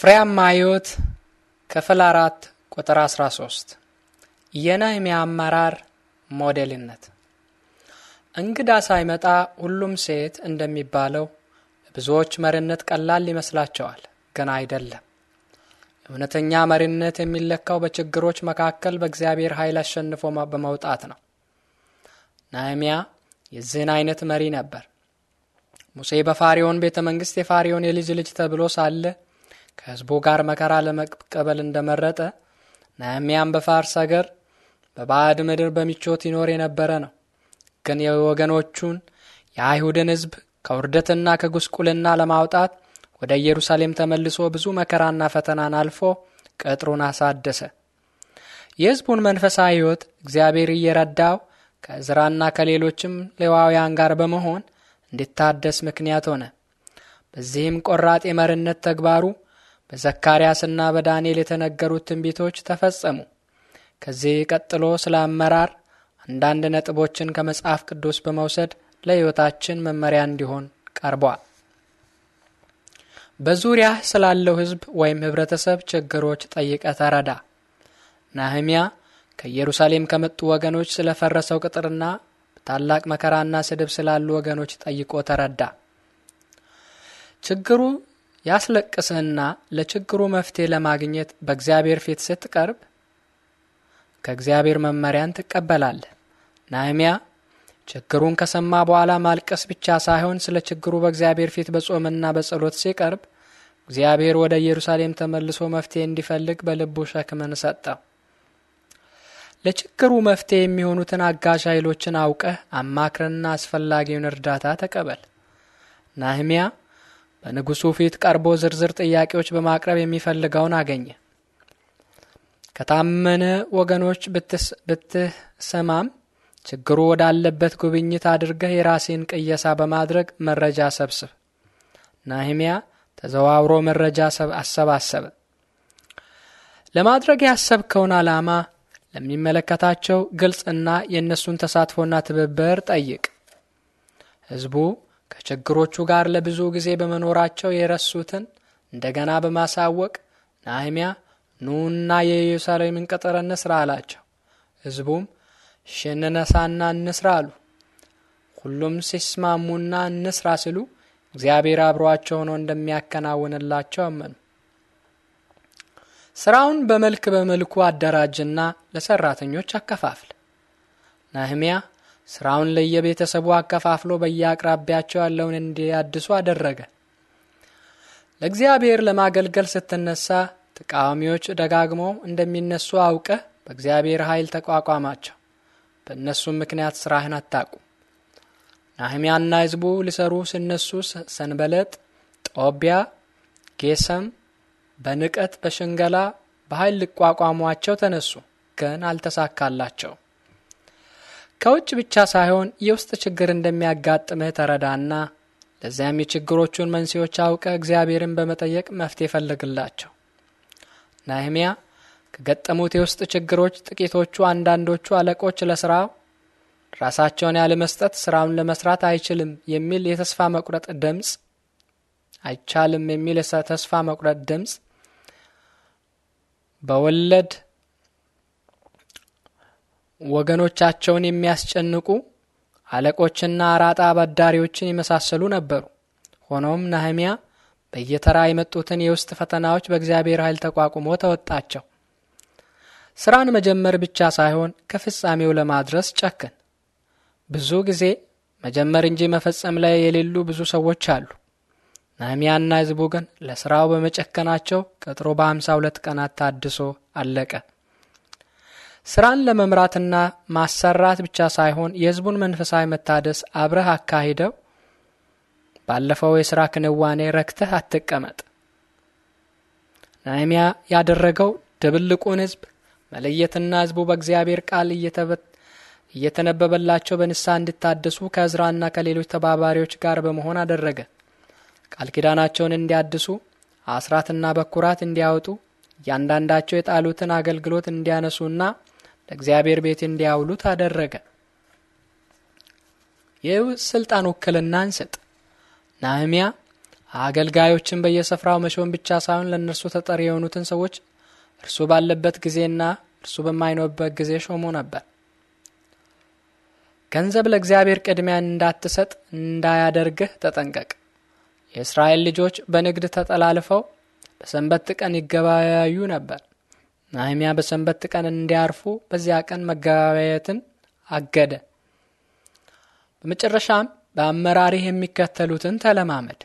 ፍሬያማ ሕይወት ክፍል አራት ቁጥር 13 የነህምያ አመራር ሞዴልነት። እንግዳ ሳይመጣ ሁሉም ሴት እንደሚባለው ለብዙዎች መሪነት ቀላል ይመስላቸዋል፣ ግን አይደለም። እውነተኛ መሪነት የሚለካው በችግሮች መካከል በእግዚአብሔር ኃይል አሸንፎ በመውጣት ነው። ነህምያ የዚህን አይነት መሪ ነበር። ሙሴ በፋሪዮን ቤተ መንግሥት የፋሪዮን የልጅ ልጅ ተብሎ ሳለ ከሕዝቡ ጋር መከራ ለመቀበል እንደመረጠ ናያሚያም በፋርስ አገር በባዕድ ምድር በምቾት ይኖር የነበረ ነው። ግን የወገኖቹን የአይሁድን ሕዝብ ከውርደትና ከጉስቁልና ለማውጣት ወደ ኢየሩሳሌም ተመልሶ ብዙ መከራና ፈተናን አልፎ ቅጥሩን አሳደሰ። የሕዝቡን መንፈሳዊ ሕይወት እግዚአብሔር እየረዳው ከእዝራና ከሌሎችም ሌዋውያን ጋር በመሆን እንዲታደስ ምክንያት ሆነ። በዚህም ቆራጥ የመርነት ተግባሩ በዘካርያስና በዳንኤል የተነገሩት ትንቢቶች ተፈጸሙ። ከዚህ ቀጥሎ ስለ አመራር አንዳንድ ነጥቦችን ከመጽሐፍ ቅዱስ በመውሰድ ለሕይወታችን መመሪያ እንዲሆን ቀርቧል። በዙሪያ ስላለው ሕዝብ ወይም ህብረተሰብ ችግሮች ጠይቀ ተረዳ። ናህሚያ ከኢየሩሳሌም ከመጡ ወገኖች ስለ ፈረሰው ቅጥርና በታላቅ መከራና ስድብ ስላሉ ወገኖች ጠይቆ ተረዳ። ችግሩ ያስለቅስህና ለችግሩ መፍትሄ ለማግኘት በእግዚአብሔር ፊት ስትቀርብ ከእግዚአብሔር መመሪያን ትቀበላለህ። ነህምያ ችግሩን ከሰማ በኋላ ማልቀስ ብቻ ሳይሆን ስለ ችግሩ በእግዚአብሔር ፊት በጾምና በጸሎት ሲቀርብ እግዚአብሔር ወደ ኢየሩሳሌም ተመልሶ መፍትሄ እንዲፈልግ በልቡ ሸክምን ሰጠው። ለችግሩ መፍትሄ የሚሆኑትን አጋዥ ኃይሎችን አውቀህ አማክርና አስፈላጊውን እርዳታ ተቀበል። ነህምያ በንጉሡ ፊት ቀርቦ ዝርዝር ጥያቄዎች በማቅረብ የሚፈልገውን አገኘ። ከታመነ ወገኖች ብትሰማም ችግሩ ወዳለበት ጉብኝት አድርገህ የራሴን ቅየሳ በማድረግ መረጃ ሰብስብ። ናህሚያ ተዘዋውሮ መረጃ አሰባሰበ። ለማድረግ ያሰብከውን ዓላማ ለሚመለከታቸው ግልጽና የእነሱን ተሳትፎና ትብብር ጠይቅ። ሕዝቡ ከችግሮቹ ጋር ለብዙ ጊዜ በመኖራቸው የረሱትን እንደገና በማሳወቅ ናህሚያ ኑና የኢየሩሳሌምን ቅጥር እንስራ አላቸው። ሕዝቡም ሽንነሳና እንስራ አሉ። ሁሉም ሲስማሙና እንስራ ሲሉ እግዚአብሔር አብሯቸው ሆኖ እንደሚያከናውንላቸው አመኑ። ስራውን በመልክ በመልኩ አደራጅና ለሰራተኞች አከፋፍል። ነህምያ ስራውን ለየቤተሰቡ አከፋፍሎ በየአቅራቢያቸው ያለውን እንዲያድሱ አደረገ። ለእግዚአብሔር ለማገልገል ስትነሳ ተቃዋሚዎች ደጋግሞ እንደሚነሱ አውቀህ በእግዚአብሔር ኃይል ተቋቋማቸው። በእነሱም ምክንያት ስራህን አታቁ! ናህሚያና ሕዝቡ ሊሰሩ ሲነሱ ሰንበለጥ፣ ጦቢያ፣ ጌሰም በንቀት በሽንገላ በኃይል ሊቋቋሟቸው ተነሱ፣ ግን አልተሳካላቸው። ከውጭ ብቻ ሳይሆን የውስጥ ችግር እንደሚያጋጥምህ ተረዳና ለዚያም የችግሮቹን መንስኤዎች አውቀ እግዚአብሔርን በመጠየቅ መፍትሄ ፈልግላቸው። ናህምያ ከገጠሙት የውስጥ ችግሮች ጥቂቶቹ አንዳንዶቹ አለቆች ለስራው ራሳቸውን ያለመስጠት ስራውን ለመስራት አይችልም የሚል የተስፋ መቁረጥ ድምፅ አይቻልም የሚል የተስፋ መቁረጥ ድምፅ በወለድ ወገኖቻቸውን የሚያስጨንቁ አለቆችና አራጣ አበዳሪዎችን የመሳሰሉ ነበሩ። ሆኖም ነህሚያ በየተራ የመጡትን የውስጥ ፈተናዎች በእግዚአብሔር ኃይል ተቋቁሞ ተወጣቸው። ስራን መጀመር ብቻ ሳይሆን ከፍጻሜው ለማድረስ ጨክን። ብዙ ጊዜ መጀመር እንጂ መፈጸም ላይ የሌሉ ብዙ ሰዎች አሉ። ነህሚያና ህዝቡ ግን ለስራው በመጨከናቸው ቅጥሩ በ52 ቀናት ታድሶ አለቀ። ስራን ለመምራትና ማሰራት ብቻ ሳይሆን የህዝቡን መንፈሳዊ መታደስ አብረህ አካሂደው። ባለፈው የስራ ክንዋኔ ረክተህ አትቀመጥ። ናይሚያ ያደረገው ድብልቁን ህዝብ መለየትና ህዝቡ በእግዚአብሔር ቃል እየተነበበላቸው በንሳ እንዲታደሱ ከእዝራና ከሌሎች ተባባሪዎች ጋር በመሆን አደረገ። ቃል ኪዳናቸውን እንዲያድሱ አስራትና በኩራት እንዲያወጡ እያንዳንዳቸው የጣሉትን አገልግሎት እንዲያነሱና ለእግዚአብሔር ቤት እንዲያውሉት አደረገ። ስልጣን ውክልና እንስጥ ናህሚያ አገልጋዮችን በየስፍራው መሾን ብቻ ሳይሆን ለእነርሱ ተጠሪ የሆኑትን ሰዎች እርሱ ባለበት ጊዜና እርሱ በማይኖርበት ጊዜ ሾሞ ነበር። ገንዘብ ለእግዚአብሔር ቅድሚያ እንዳትሰጥ እንዳያደርግህ ተጠንቀቅ። የእስራኤል ልጆች በንግድ ተጠላልፈው በሰንበት ቀን ይገበያዩ ነበር። ናህሚያ በሰንበት ቀን እንዲያርፉ በዚያ ቀን መገበያየትን አገደ። በመጨረሻም በአመራሪህ የሚከተሉትን ተለማመድ።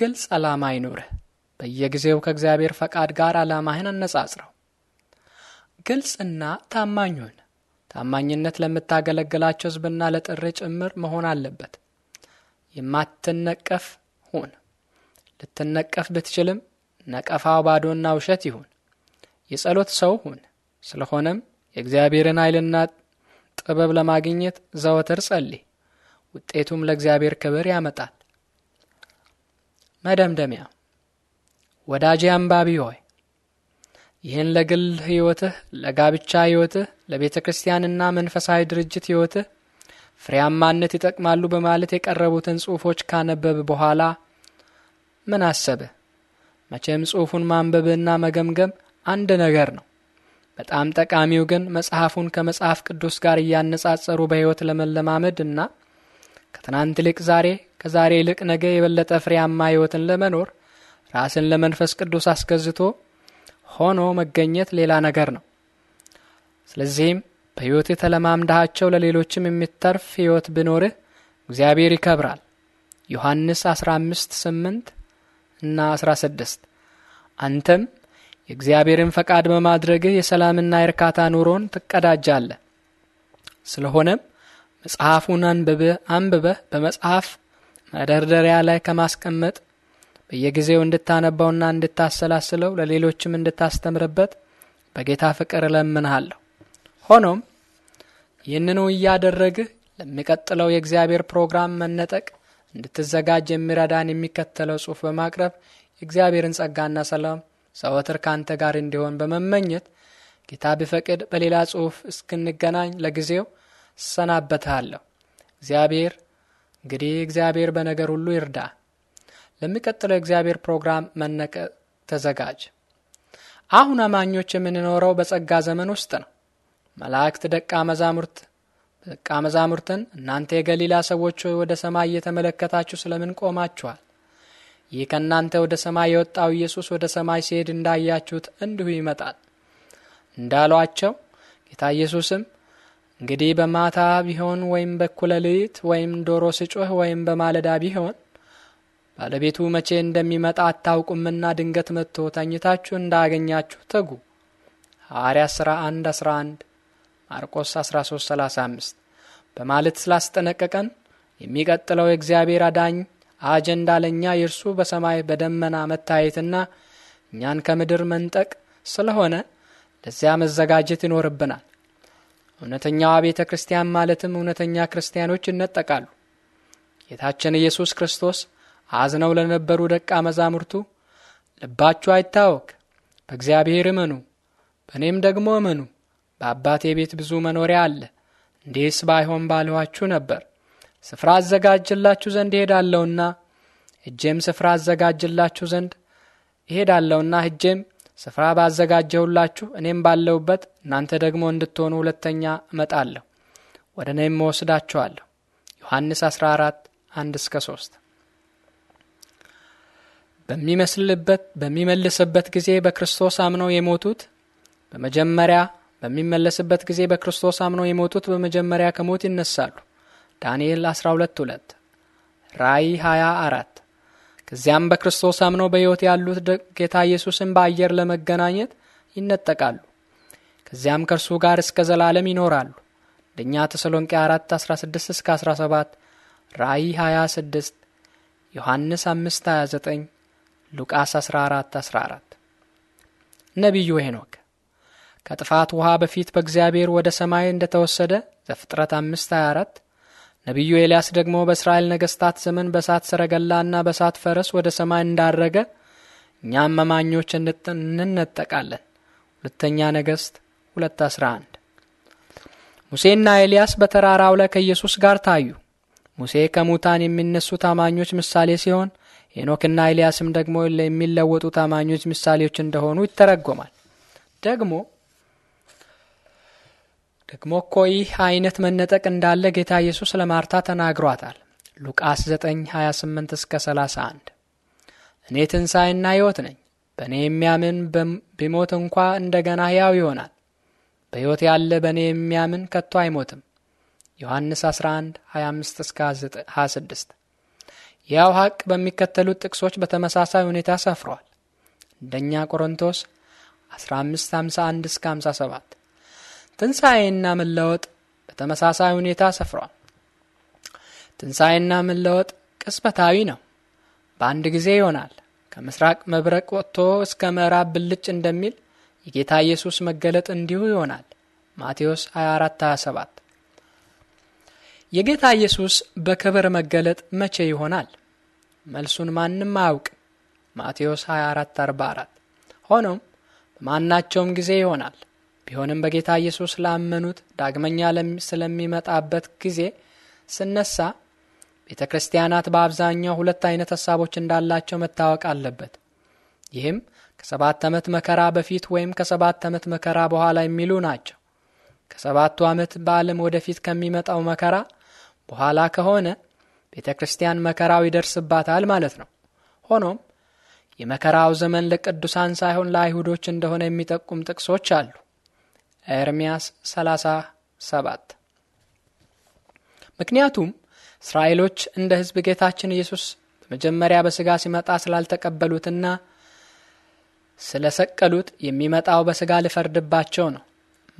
ግልጽ ዓላማ ይኑርህ። በየጊዜው ከእግዚአብሔር ፈቃድ ጋር ዓላማህን አነጻጽረው። ግልጽና ታማኝ ሁን። ታማኝነት ለምታገለግላቸው ሕዝብና ለጥሬ ጭምር መሆን አለበት። የማትነቀፍ ሁን። ልትነቀፍ ብትችልም ነቀፋው ባዶና ውሸት ይሁን። የጸሎት ሰው ሁን። ስለሆነም የእግዚአብሔርን ኃይልና ጥበብ ለማግኘት ዘወትር ጸልይ። ውጤቱም ለእግዚአብሔር ክብር ያመጣል። መደምደሚያ ወዳጄ አንባቢ ሆይ ይህን ለግል ሕይወትህ፣ ለጋብቻ ሕይወትህ፣ ለቤተ ክርስቲያንና መንፈሳዊ ድርጅት ሕይወትህ ፍሬያማነት ይጠቅማሉ በማለት የቀረቡትን ጽሑፎች ካነበብ በኋላ ምን አሰብህ? መቼም ጽሑፉን ማንበብና መገምገም አንድ ነገር ነው። በጣም ጠቃሚው ግን መጽሐፉን ከመጽሐፍ ቅዱስ ጋር እያነጻጸሩ በሕይወት ለመለማመድ እና ከትናንት ይልቅ ዛሬ፣ ከዛሬ ይልቅ ነገ የበለጠ ፍሬያማ ሕይወትን ለመኖር ራስን ለመንፈስ ቅዱስ አስገዝቶ ሆኖ መገኘት ሌላ ነገር ነው። ስለዚህም በሕይወት የተለማምዳሃቸው ለሌሎችም የሚተርፍ ሕይወት ቢኖርህ እግዚአብሔር ይከብራል። ዮሐንስ 15 8 እና 16 አንተም የእግዚአብሔርን ፈቃድ በማድረግህ የሰላምና የእርካታ ኑሮን ትቀዳጃለህ። ስለሆነም መጽሐፉን አንብበህ አንብበህ በመጽሐፍ መደርደሪያ ላይ ከማስቀመጥ በየጊዜው እንድታነባውና እንድታሰላስለው ለሌሎችም እንድታስተምርበት በጌታ ፍቅር እለምንሃለሁ። ሆኖም ይህንኑ እያደረግህ ለሚቀጥለው የእግዚአብሔር ፕሮግራም መነጠቅ እንድትዘጋጅ የሚረዳን የሚከተለው ጽሑፍ በማቅረብ የእግዚአብሔርን ጸጋና ሰላም ዘወትር ካንተ ጋር እንዲሆን በመመኘት ጌታ ቢፈቅድ በሌላ ጽሑፍ እስክንገናኝ ለጊዜው እሰናበትሃለሁ። እግዚአብሔር እንግዲህ እግዚአብሔር በነገር ሁሉ ይርዳ። ለሚቀጥለው የእግዚአብሔር ፕሮግራም መነቀ ተዘጋጅ። አሁን አማኞች የምንኖረው በጸጋ ዘመን ውስጥ ነው። መላእክት ደቀ መዛሙርት ደቀ መዛሙርትን እናንተ የገሊላ ሰዎች ሆይ ወደ ሰማይ እየተመለከታችሁ ስለምን ቆማችኋል? ይህ ከእናንተ ወደ ሰማይ የወጣው ኢየሱስ ወደ ሰማይ ሲሄድ እንዳያችሁት እንዲሁ ይመጣል እንዳሏቸው ጌታ ኢየሱስም እንግዲህ በማታ ቢሆን ወይም በእኩለ ሌሊት ወይም ዶሮ ሲጮህ ወይም በማለዳ ቢሆን ባለቤቱ መቼ እንደሚመጣ አታውቁምና ድንገት መጥቶ ተኝታችሁ እንዳገኛችሁ ተጉ። ሐዋርያ ሥራ 1 11 ማርቆስ 13 35 በማለት ስላስጠነቀቀን የሚቀጥለው የእግዚአብሔር አዳኝ አጀንዳ ለእኛ የእርሱ በሰማይ በደመና መታየትና እኛን ከምድር መንጠቅ ስለሆነ ለዚያ መዘጋጀት ይኖርብናል። እውነተኛዋ ቤተ ክርስቲያን ማለትም እውነተኛ ክርስቲያኖች ይነጠቃሉ። ጌታችን ኢየሱስ ክርስቶስ አዝነው ለነበሩ ደቀ መዛሙርቱ ልባችሁ አይታወክ፣ በእግዚአብሔር እመኑ፣ በእኔም ደግሞ እመኑ፣ በአባቴ ቤት ብዙ መኖሪያ አለ፣ እንዲህስ ባይሆን ባልኋችሁ ነበር ስፍራ አዘጋጅላችሁ ዘንድ እሄዳለሁና እጄም ስፍራ አዘጋጅላችሁ ዘንድ እሄዳለሁና እጄም ስፍራ ባዘጋጀሁላችሁ እኔም ባለሁበት እናንተ ደግሞ እንድትሆኑ ሁለተኛ እመጣለሁ ወደ እኔም እወስዳችኋለሁ። ዮሐንስ 14 1 እስከ 3 በሚመስልበት በሚመልስበት ጊዜ በክርስቶስ አምነው የሞቱት በመጀመሪያ በሚመለስበት ጊዜ በክርስቶስ አምነው የሞቱት በመጀመሪያ ከሞት ይነሳሉ። ዳንኤል 122 ራእይ 24 ከዚያም በክርስቶስ አምኖ በሕይወት ያሉት ጌታ ኢየሱስን በአየር ለመገናኘት ይነጠቃሉ። ከዚያም ከእርሱ ጋር እስከ ዘላለም ይኖራሉ። አንደኛ ተሰሎንቄ 4 16 እስከ 17 ራእይ 26 ዮሐንስ 5 29 ሉቃስ 14 14 ነቢዩ ሄኖክ ከጥፋት ውሃ በፊት በእግዚአብሔር ወደ ሰማይ እንደተወሰደ ዘፍጥረት 5 24 ነቢዩ ኤልያስ ደግሞ በእስራኤል ነገሥታት ዘመን ሰረገላ ሰረገላና በሳት ፈረስ ወደ ሰማይ እንዳረገ እኛም መማኞች እንነጠቃለን። ሁለተኛ ነገሥት ሁለት አስራ አንድ ሙሴና ኤልያስ በተራራው ላይ ከኢየሱስ ጋር ታዩ። ሙሴ ከሙታን የሚነሱ ታማኞች ምሳሌ ሲሆን ሄኖክና ኤልያስም ደግሞ የሚለወጡ ታማኞች ምሳሌዎች እንደሆኑ ይተረጎማል። ደግሞ ደግሞ እኮ ይህ አይነት መነጠቅ እንዳለ ጌታ ኢየሱስ ለማርታ ተናግሯታል። ሉቃስ 28 እስከ 31 እኔ ትንሣኤና ሕይወት ነኝ። በእኔ የሚያምን ቢሞት እንኳ እንደገና ሕያው ይሆናል። በሕይወት ያለ በእኔ የሚያምን ከቶ አይሞትም። ዮሐንስ 11 25 እስከ 26 ያው ሐቅ በሚከተሉት ጥቅሶች በተመሳሳይ ሁኔታ ሰፍሯል። አንደኛ ቆሮንቶስ 15 51 እስከ 57 ትንሣኤና መለወጥ በተመሳሳይ ሁኔታ ሰፍሯል። ትንሣኤና መለወጥ ቅጽበታዊ ነው። በአንድ ጊዜ ይሆናል። ከምስራቅ መብረቅ ወጥቶ እስከ ምዕራብ ብልጭ እንደሚል የጌታ ኢየሱስ መገለጥ እንዲሁ ይሆናል። ማቴዎስ 24 27 የጌታ ኢየሱስ በክብር መገለጥ መቼ ይሆናል? መልሱን ማንም አያውቅ። ማቴዎስ 24 44 ሆኖም በማናቸውም ጊዜ ይሆናል። ቢሆንም በጌታ ኢየሱስ ላመኑት ዳግመኛ ስለሚመጣበት ጊዜ ስነሳ ቤተ ክርስቲያናት በአብዛኛው ሁለት አይነት ሀሳቦች እንዳላቸው መታወቅ አለበት። ይህም ከሰባት ዓመት መከራ በፊት ወይም ከሰባት ዓመት መከራ በኋላ የሚሉ ናቸው። ከሰባቱ ዓመት በዓለም ወደፊት ከሚመጣው መከራ በኋላ ከሆነ ቤተ ክርስቲያን መከራው ይደርስባታል ማለት ነው። ሆኖም የመከራው ዘመን ለቅዱሳን ሳይሆን ለአይሁዶች እንደሆነ የሚጠቁም ጥቅሶች አሉ። ኤርምያስ 37 ምክንያቱም እስራኤሎች እንደ ሕዝብ ጌታችን ኢየሱስ በመጀመሪያ በሥጋ ሲመጣ ስላልተቀበሉትና ስለሰቀሉት የሚመጣው በሥጋ ሊፈርድባቸው ነው።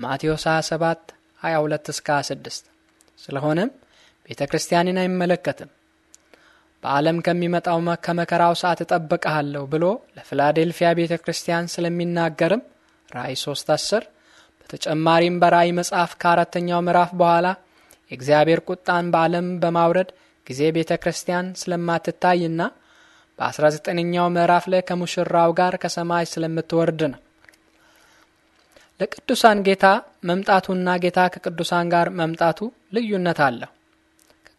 ማቴዎስ 27 22 እስከ 26። ስለሆነም ቤተ ክርስቲያንን አይመለከትም። በዓለም ከሚመጣው ከመከራው ሰዓት እጠብቅሃለሁ ብሎ ለፊላዴልፊያ ቤተ ክርስቲያን ስለሚናገርም ራእይ 3 10 ተጨማሪም በራእይ መጽሐፍ ከአራተኛው ምዕራፍ በኋላ የእግዚአብሔር ቁጣን በዓለም በማውረድ ጊዜ ቤተ ክርስቲያን ስለማትታይና በ19ኛው ምዕራፍ ላይ ከሙሽራው ጋር ከሰማይ ስለምትወርድ ነው። ለቅዱሳን ጌታ መምጣቱና ጌታ ከቅዱሳን ጋር መምጣቱ ልዩነት አለው።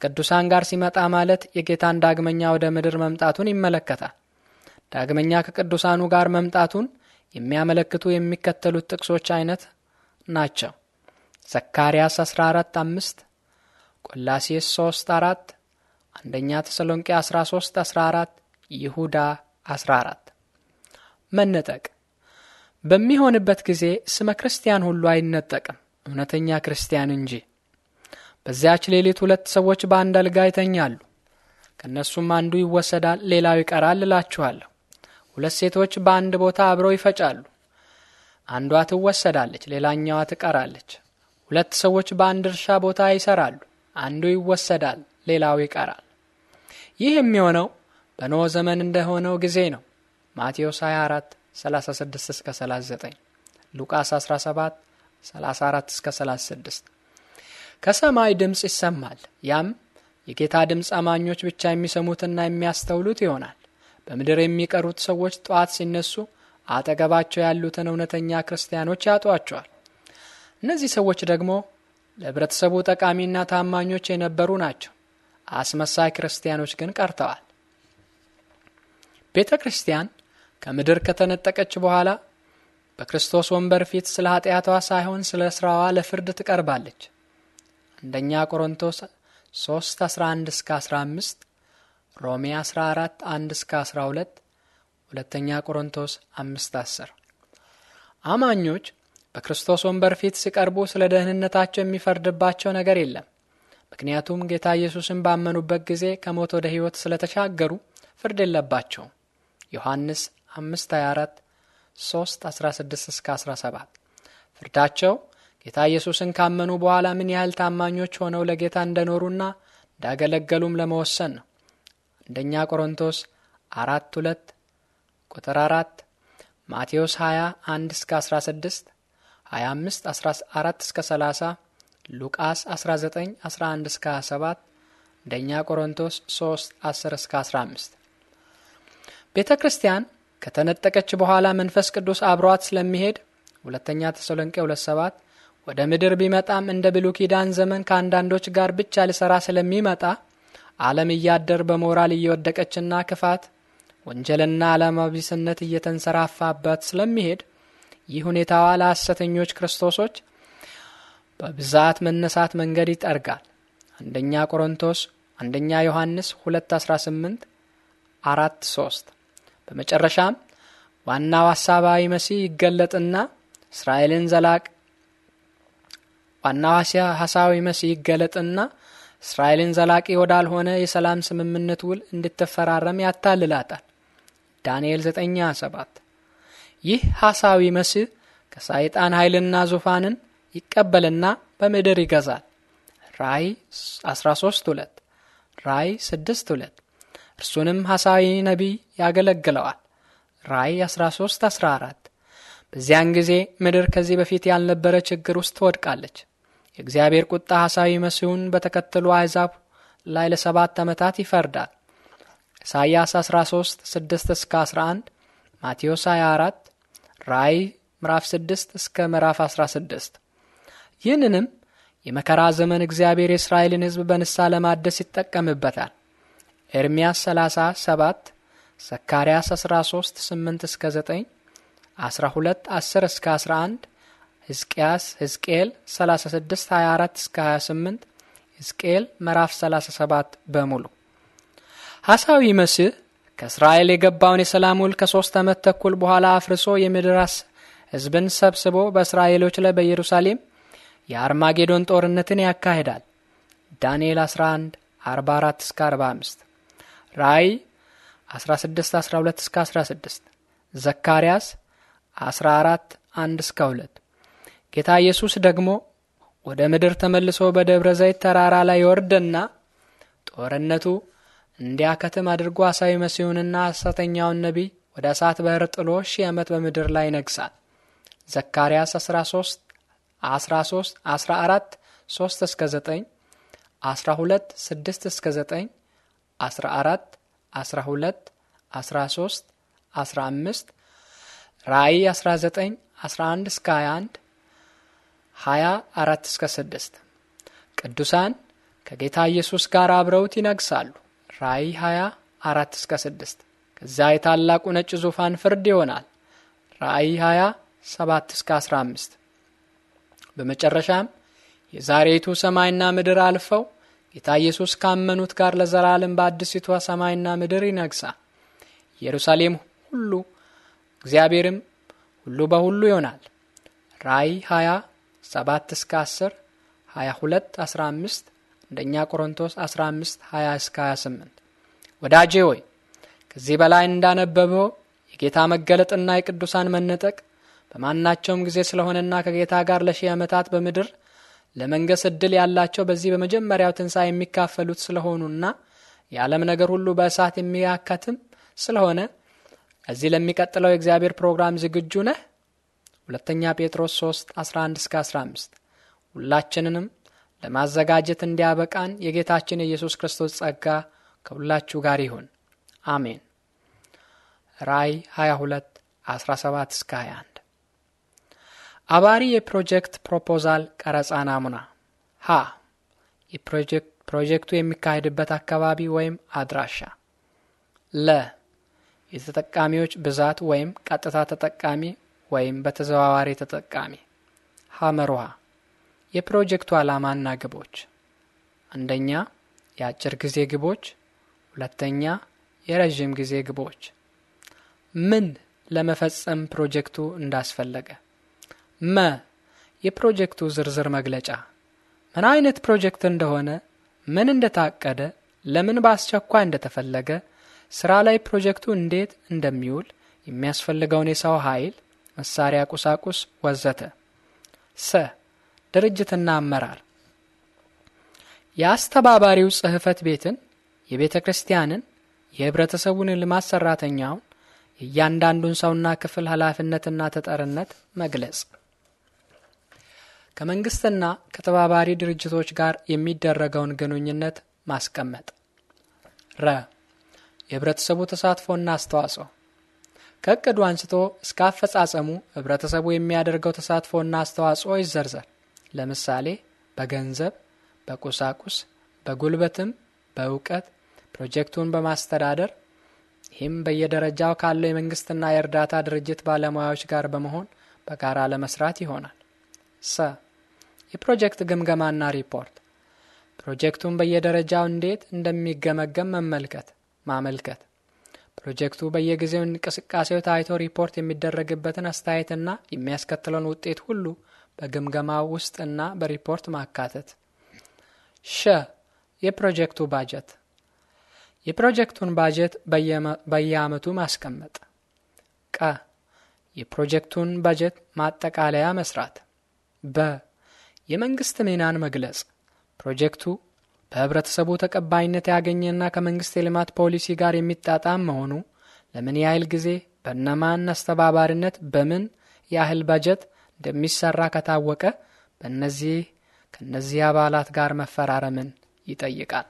ከቅዱሳን ጋር ሲመጣ ማለት የጌታን ዳግመኛ ወደ ምድር መምጣቱን ይመለከታል። ዳግመኛ ከቅዱሳኑ ጋር መምጣቱን የሚያመለክቱ የሚከተሉት ጥቅሶች አይነት ናቸው። ዘካርያስ 14 5 ቆላሴስ 3 4 አንደኛ ተሰሎንቄ 13 14 ይሁዳ 14 መነጠቅ በሚሆንበት ጊዜ ስመ ክርስቲያን ሁሉ አይነጠቅም፣ እውነተኛ ክርስቲያን እንጂ። በዚያች ሌሊት ሁለት ሰዎች በአንድ አልጋ ይተኛሉ፣ ከእነሱም አንዱ ይወሰዳል፣ ሌላው ይቀራል እላችኋለሁ። ሁለት ሴቶች በአንድ ቦታ አብረው ይፈጫሉ፣ አንዷ ትወሰዳለች፣ ሌላኛዋ ትቀራለች። ሁለት ሰዎች በአንድ እርሻ ቦታ ይሰራሉ፣ አንዱ ይወሰዳል፣ ሌላው ይቀራል። ይህ የሚሆነው በኖ ዘመን እንደሆነው ጊዜ ነው። ማቴዎስ 24 36 እስከ 39 ሉቃስ 17 34 እስከ 36 ከሰማይ ድምፅ ይሰማል። ያም የጌታ ድምፅ አማኞች ብቻ የሚሰሙትና የሚያስተውሉት ይሆናል። በምድር የሚቀሩት ሰዎች ጠዋት ሲነሱ አጠገባቸው ያሉትን እውነተኛ ክርስቲያኖች ያጧቸዋል። እነዚህ ሰዎች ደግሞ ለህብረተሰቡ ጠቃሚና ታማኞች የነበሩ ናቸው። አስመሳይ ክርስቲያኖች ግን ቀርተዋል። ቤተ ክርስቲያን ከምድር ከተነጠቀች በኋላ በክርስቶስ ወንበር ፊት ስለ ኃጢአቷ ሳይሆን ስለ ስራዋ ለፍርድ ትቀርባለች። አንደኛ ቆሮንቶስ 3 11 እስከ 15 ሮሜ 14 1 እስከ 12 ሁለተኛ ቆሮንቶስ አምስት አስር አማኞች በክርስቶስ ወንበር ፊት ሲቀርቡ ስለ ደህንነታቸው የሚፈርድባቸው ነገር የለም። ምክንያቱም ጌታ ኢየሱስን ባመኑበት ጊዜ ከሞት ወደ ሕይወት ስለ ተሻገሩ ፍርድ የለባቸውም። ዮሐንስ 524 3 16 እስከ 17 ፍርዳቸው ጌታ ኢየሱስን ካመኑ በኋላ ምን ያህል ታማኞች ሆነው ለጌታ እንደኖሩና እንዳገለገሉም ለመወሰን ነው። አንደኛ ቆሮንቶስ 4 2 ቁጥር 4 ማቴዎስ 21 እስከ 16 25 14 እስከ 30 ሉቃስ 19 11 እስከ 27 አንደኛ ቆሮንቶስ 3 10 እስከ 15 ቤተ ክርስቲያን ከተነጠቀች በኋላ መንፈስ ቅዱስ አብሯት ስለሚሄድ ሁለተኛ ተሰሎንቄ 27 ወደ ምድር ቢመጣም እንደ ብሉ ኪዳን ዘመን ከአንዳንዶች ጋር ብቻ ሊሰራ ስለሚመጣ ዓለም እያደር በሞራል እየወደቀችና ክፋት ወንጀልና ዓላማ እየተንሰራፋበት እየተንሰራፋባት ስለሚሄድ ይህ ሁኔታዋ ለሐሰተኞች ክርስቶሶች በብዛት መነሳት መንገድ ይጠርጋል። አንደኛ ቆሮንቶስ አንደኛ ዮሐንስ 218 አራት ሶስት በመጨረሻም ዋናው ሐሳባዊ መሲህ ይገለጥና እስራኤልን ዘላቅ ዋናው ሐሳባዊ መሲህ ይገለጥና እስራኤልን ዘላቂ ወዳልሆነ የሰላም ስምምነት ውል እንድትፈራረም ያታልላታል። ዳንኤል 97 ይህ ሐሳዊ መሲህ ከሰይጣን ኃይልና ዙፋንን ይቀበልና በምድር ይገዛል። 2 13:2 6 2 እርሱንም ሐሳዊ ነቢይ ያገለግለዋል። 13 13:14 በዚያን ጊዜ ምድር ከዚህ በፊት ያልነበረ ችግር ውስጥ ትወድቃለች። የእግዚአብሔር ቁጣ ሐሳዊ መሲሁን በተከተሉ አሕዛብ ላይ ለሰባት ዓመታት ይፈርዳል። ኢሳይያስ 13 6 እስከ 11 ማቴዎስ 24 ራእይ ምዕራፍ 6 እስከ ምዕራፍ 16 ይህንንም የመከራ ዘመን እግዚአብሔር የእስራኤልን ሕዝብ በንሳ ለማደስ ይጠቀምበታል። ኤርምያስ 37 ዘካርያስ 13 8 እስከ 9 12 10 እስከ 11 ሕዝቅያስ ሕዝቅኤል 36 24 እስከ 28 ሕዝቅኤል ምዕራፍ 37 በሙሉ ሐሳዊ መስህ ከእስራኤል የገባውን የሰላም ውል ከሦስት ዓመት ተኩል በኋላ አፍርሶ የምድራስ ሕዝብን ሰብስቦ በእስራኤሎች ላይ በኢየሩሳሌም የአርማጌዶን ጦርነትን ያካሂዳል። ዳንኤል 11 44 እስከ 45 ራእይ 16 12 እስከ 16 ዘካርያስ 14 1 እስከ 2 ጌታ ኢየሱስ ደግሞ ወደ ምድር ተመልሶ በደብረ ዘይት ተራራ ላይ ይወርድና ጦርነቱ እንዲያከትም አድርጎ አሳዊ መሲሁንና ሐሰተኛውን ነቢይ ወደ እሳት ባህር ጥሎ ሺህ ዓመት በምድር ላይ ይነግሳል። ዘካርያስ 13 13 14 3 እስከ 9 12 6 እስከ 9 14 12 13 15 ራእይ 19 11 እስከ 21 24 እስከ 6 ቅዱሳን ከጌታ ኢየሱስ ጋር አብረውት ይነግሳሉ። ራእይ 20 4 እስከ 6 ከዛ የታላቁ ነጭ ዙፋን ፍርድ ይሆናል። ራእይ 20 7 እስከ 15 በመጨረሻም የዛሬቱ ሰማይና ምድር አልፈው ጌታ ኢየሱስ ካመኑት ጋር ለዘላለም በአዲሲቷ ሰማይና ምድር ይነግሳል። ኢየሩሳሌም ሁሉ እግዚአብሔርም ሁሉ በሁሉ ይሆናል። ራእይ 20 7 እስከ 10 22 15 አንደኛ ቆሮንቶስ 15 20 እስከ 28። ወዳጄ ሆይ ከዚህ በላይ እንዳነበበው የጌታ መገለጥና የቅዱሳን መነጠቅ በማናቸውም ጊዜ ስለሆነና ከጌታ ጋር ለሺህ ዓመታት በምድር ለመንገስ ዕድል ያላቸው በዚህ በመጀመሪያው ትንሣኤ የሚካፈሉት ስለሆኑና የዓለም ነገር ሁሉ በእሳት የሚያካትም ስለሆነ እዚህ ለሚቀጥለው የእግዚአብሔር ፕሮግራም ዝግጁ ነህ? ሁለተኛ ጴጥሮስ 3 11 እስከ 15 ሁላችንንም ለማዘጋጀት እንዲያበቃን የጌታችን የኢየሱስ ክርስቶስ ጸጋ ከሁላችሁ ጋር ይሁን፣ አሜን። ራይ 22 17 እስከ 21 አባሪ የፕሮጀክት ፕሮፖዛል ቀረጻ ናሙና ሀ ፕሮጀክቱ የሚካሄድበት አካባቢ ወይም አድራሻ ለ የተጠቃሚዎች ብዛት ወይም ቀጥታ ተጠቃሚ ወይም በተዘዋዋሪ ተጠቃሚ ሐመር ውሃ የፕሮጀክቱ ዓላማና ግቦች፣ አንደኛ የአጭር ጊዜ ግቦች፣ ሁለተኛ የረዥም ጊዜ ግቦች። ምን ለመፈጸም ፕሮጀክቱ እንዳስፈለገ። መ የፕሮጀክቱ ዝርዝር መግለጫ፣ ምን አይነት ፕሮጀክት እንደሆነ፣ ምን እንደታቀደ፣ ለምን በአስቸኳይ እንደተፈለገ፣ ስራ ላይ ፕሮጀክቱ እንዴት እንደሚውል፣ የሚያስፈልገውን የሰው ኃይል፣ መሳሪያ፣ ቁሳቁስ ወዘተ። ሰ ድርጅትና አመራር የአስተባባሪው ጽህፈት ቤትን፣ የቤተ ክርስቲያንን፣ የህብረተሰቡን ልማት ሰራተኛውን የእያንዳንዱን ሰውና ክፍል ኃላፊነትና ተጠርነት መግለጽ ከመንግስትና ከተባባሪ ድርጅቶች ጋር የሚደረገውን ግንኙነት ማስቀመጥ። ረ የህብረተሰቡ ተሳትፎና አስተዋጽኦ ከእቅዱ አንስቶ እስከ አፈጻጸሙ ህብረተሰቡ የሚያደርገው ተሳትፎና አስተዋጽኦ ይዘርዘር። ለምሳሌ በገንዘብ፣ በቁሳቁስ፣ በጉልበትም፣ በእውቀት ፕሮጀክቱን በማስተዳደር ይህም በየደረጃው ካለው የመንግስትና የእርዳታ ድርጅት ባለሙያዎች ጋር በመሆን በጋራ ለመስራት ይሆናል። ሰ የፕሮጀክት ግምገማና ሪፖርት ፕሮጀክቱን በየደረጃው እንዴት እንደሚገመገም መመልከት ማመልከት ፕሮጀክቱ በየጊዜው እንቅስቃሴው ታይቶ ሪፖርት የሚደረግበትን አስተያየትና የሚያስከትለውን ውጤት ሁሉ በግምገማው ውስጥ እና በሪፖርት ማካተት። ሸ የፕሮጀክቱ ባጀት የፕሮጀክቱን ባጀት በየዓመቱ ማስቀመጥ። ቀ የፕሮጀክቱን ባጀት ማጠቃለያ መስራት። በ የመንግስት ሚናን መግለጽ። ፕሮጀክቱ በህብረተሰቡ ተቀባይነት ያገኘና ከመንግስት የልማት ፖሊሲ ጋር የሚጣጣም መሆኑ ለምን ያህል ጊዜ፣ በነማን አስተባባሪነት፣ በምን ያህል ባጀት እንደሚሰራ ከታወቀ በእነዚህ ከእነዚህ አባላት ጋር መፈራረምን ይጠይቃል።